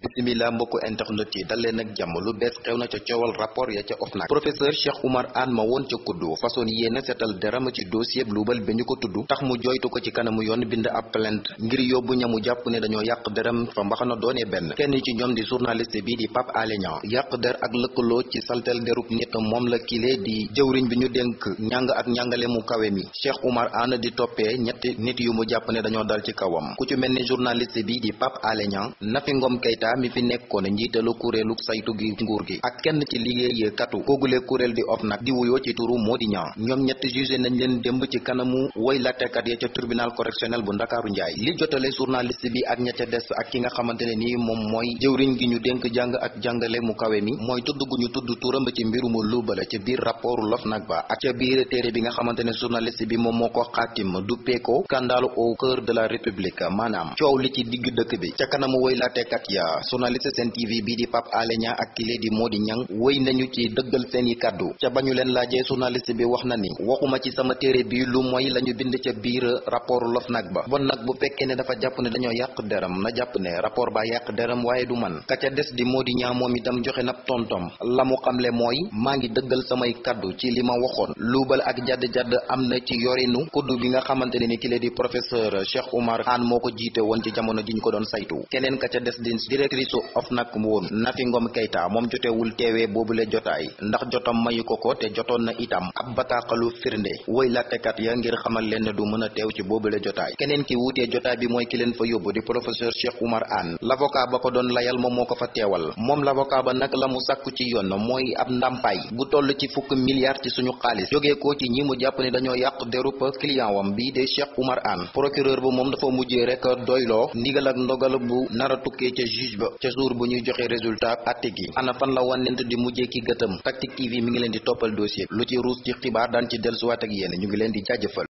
bisimila mbokku internet yi dal leen ak jàmm lu bees xew na ca coowal rapport ya ca OFNAC professeur Cheikh Oumar Anne ma woon ca kuddu façon yéene seetal deram ci dossier bi luubal bi ñu ko tudd tax mu jooytu ko ci kanamu yoon bind ab plainte ngir yóbbu ñamu jàpp ne dañoo yàq deram fa mbaxana doone benn kenn ci ñoom di journaliste bi di Pape Alé Niang yàq der ak lëkkaloo ci saltel derub nit moom la kilee di jëwriñ bi ñu denk ñàng ak ñàngale mu kawe mi Cheikh Oumar Anne di toppee ñetti nit yu mu jàpp ne dañoo dal ci kawam ku ci mel ni journaliste bi di Pape Alé Dia mi fi nekkoon njiitalu kuréelu saytu gi nguur gi ak kenn ci liggéeykatu googule kuréel di OFNAC di wuyoo ci turu Mody Niang ñoom ñett jugé nañ leen démb ci kanamu woy latekat ya ca tribunal correctionnel bu Ndakaaru Njaay li jotale journaliste bi ak ña ca des ak ki nga xamante ne nii moom mooy jëwriñ gi ñu dénk jàng ak jàngale mu kawe mi mooy tudd gu ñu tudd turam ci mbirumu luubale ca biir rapport l'OFNAC ba ak ca biir téere bi nga xamante ne journaliste bi moom moo ko xaatim du peeko scandale au cœur de la république maanaam coow li ci bi journaliste Sen TV bi di Pape Alé ak kile di Mody Niang wéy nañu ci dëggal seen i kàddu ca ba ñu leen laajee journaliste bi wax na ni waxuma ci sama téere bi lu mooy la ñu bind ca biir rapport nag ba bon nag bu fekkee ne dafa jàpp ne dañoo yàq deram na jàpp ne rapport ba yàq deram waaye du man ka ca des di Mody Niang moom itam joxe nab tontom la mu xamle mooy maa ngi dëggal samay kàddu ci li ma waxoon luubal ak jadd-jadd am na ci yorinu kuddu bi nga xamante ne ni kile di professeur Cheikh Oumar moo ko jiite woon ci jamono ji ko doon saytu directrice su OFNAC woon Nafi Ngom Keïta moom jotewul teewee boobule jotaay ndax jotam mayu ko ko te jotoon na itam ab bataaxalu firnde woy kat ya ngir xamal leen ne du mën a teew ci boobule jotaay keneen ki wuutee jotaay bi mooy ki leen fa yóbbu di professeur Cheikh Oumar Anne l'avocat ba ko doon layal moom moo ko fa teewal moom l'avocat ba nag la mu sàkku ci yoon mooy ab ndàmpaay bu toll ci fukk milliards ci suñu xaalis jógee ko ci ñi mu jàpp ne dañoo yàq derup client wam bii de Cheikh Oumar Anne procureur bu moom dafa mujjee rek doyloo ndigal ak ndogal bu nara tukkee ba ca jour bu ñuy joxee résultat atte gi ana fan la wànnent di mujjee ki gëtëm Tactic TV mu ngi leen di toppal dossier lu ci ruus ci xibaar daan ci dellusiwaat ak yéen ñu ngi leen di jaajëfal